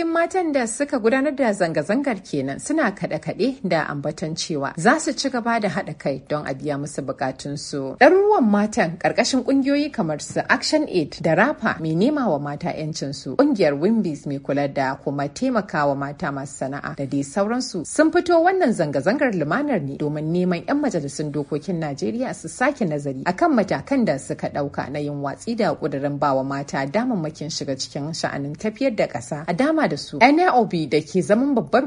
Ra'ayoyin matan da suka gudanar da zanga-zangar kenan suna kaɗe-kaɗe da ambaton cewa za su ci gaba da haɗa kai don a biya musu bukatunsu. Ɗaruruwan matan ƙarƙashin ƙungiyoyi kamar su Action Aid da Rapa mai nema wa mata 'yancinsu, ƙungiyar Wimbis mai kula da kuma taimakawa mata masu sana'a da dai sauransu sun fito wannan zanga-zangar lumanar ne domin neman 'yan majalisun dokokin Najeriya su sake nazari akan matakan da suka ɗauka na yin watsi da ƙudurin bawa mata damammakin shiga cikin sha'anin tafiyar da ƙasa a dama da su. da ke zaman babbar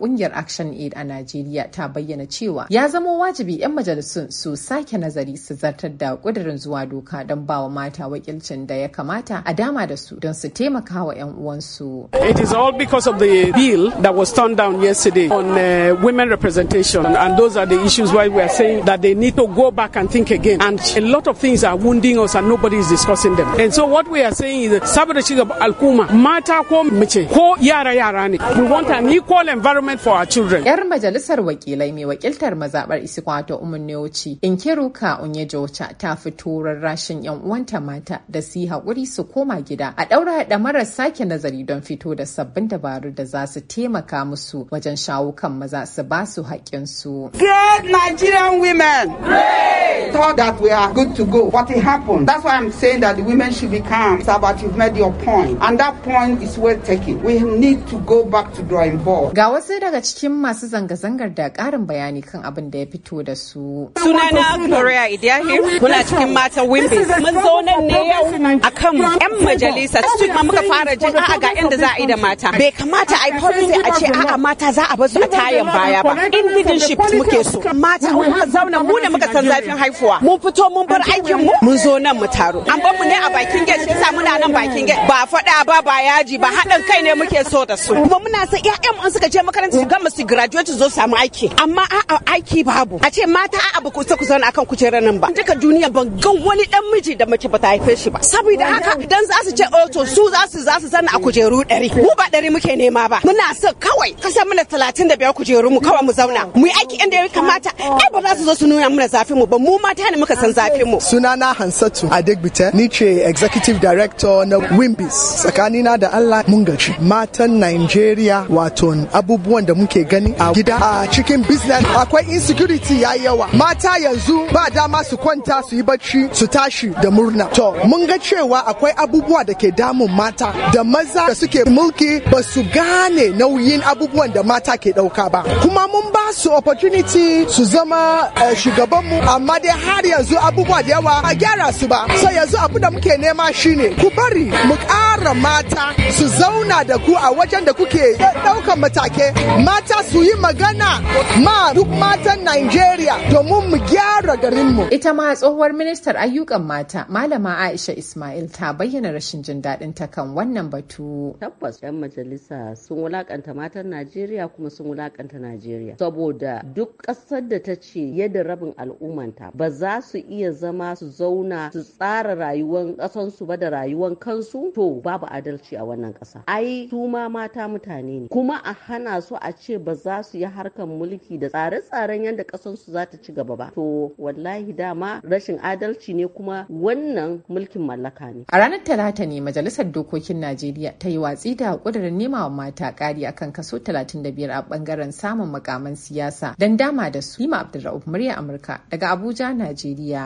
kungiyar Action Aid a Najeriya ta bayyana cewa ya zama wajibi 'yan majalisun su sake nazari su zartar da kudirin zuwa doka don mata wakilcin da ya kamata a dama da su don su taimaka wa 'yan uwansu. It is all because of the bill that was turned down yesterday on uh, women representation and those are the issues why we are saying that they need to go back and think again and a lot of things are wounding us and nobody is discussing them. And so what we are saying is saboda ci gaba al'umma mata ko mace ce ko yara yara ne we want an equal environment for our children yar majalisar wakilai mai wakiltar mazabar Isikwato Umunnewuci Inkeruka Onyejocha ta fito rashin yan uwanta mata da su haƙuri su koma gida a ɗaura da marar sake nazari don fito da sabbin dabaru da za su taimaka musu wajen shawo kan maza su ba su haƙƙin su Great Nigerian women! Great! thought that we are good to go. What happened? That's why I'm saying that the women should be calm. Sir, but you've made your point. And that point is well taken. We need to go back to drawing board. Ga wasu daga cikin masu zanga-zangar da ƙarin bayani kan abin da ya fito da su. Sunana Gloria Idiahir, kuna cikin matan Wimbe. Mun zo nan ne yau a kan 'yan majalisa. Kuma muka fara jin a'a ga inda za a yi da mata. Bai kamata a yi policy a ce a'a mata za a basu a tayan baya ba. In leadership muke so. Mata, muka zauna mu da muka san zafin haihuwa. haifuwa mun fito mun bar aikin mu mun zo nan mu taro an bar mu ne a bakin gate shi muna nan bakin gate ba faɗa ba ba yaji ba haɗin kai ne muke so da su kuma muna sa ƴaƴan mu suka je makaranta su gama su graduate zo samu aiki amma a'a aiki babu a ce mata a ba ku ku zauna akan kujerar nan ba duka duniya ban ga wani dan miji da mace ba ta haife shi ba saboda haka dan za su ce oh su za su za su zanna a kujeru ɗari mu ba ɗari muke nema ba muna so kawai kasan muna talatin da biyar kujeru mu kawai mu zauna mu yi aiki inda ya kamata oh. ai ba za su zo su nuna mana zafin mu ba mu mata ne muka san zafin mu sunana Hansatu Adegbite ni ce executive director na Wimbis tsakanina da Allah mun gaji matan Nigeria wato abubuwan da muke gani a gida a cikin business akwai insecurity ya yawa mata yanzu ba dama su kwanta su yi bacci su tashi da murna to mun ga cewa akwai abubuwa da ke damun mata da maza da suke mulki ba su gane nauyin abubuwan da mata ke dauka ba kuma mun ba su opportunity su zama eh, shugabanmu amma dai har yanzu abubuwa da yawa a gyara su ba so yanzu abu da muke nema shine ku bari mu ƙara mata su zauna da ku a wajen da kuke ɗaukan matake mata su yi magana ma duk matan Najeriya domin mu gyara garinmu. Ita ma tsohuwar ministar ayyukan mata Malama Aisha Ismail ta bayyana rashin jin daɗin ta kan wannan batu. Tabbas 'yan majalisa sun wulakanta matan Najeriya kuma sun wulakanta Najeriya. saboda duk ƙasar da ta ce yadda rabin al'ummanta ba za su iya zama su zauna su tsara rayuwar ƙasansu ba da rayuwar kansu to babu adalci a wannan ƙasa ai su ma mata mutane ne kuma a hana su a ce ba za su yi harkar mulki da tsare-tsaren yadda ƙasansu za ta ci gaba ba to wallahi dama rashin adalci ne kuma wannan mulkin mallaka ne a ranar talata ne majalisar dokokin najeriya ta yi watsi da ƙudurin nema mata ƙari akan kaso 35 a ɓangaren samun makaman siyasa don dama da su. Lima Abdulrahman murya Amurka daga Abuja, Najeriya.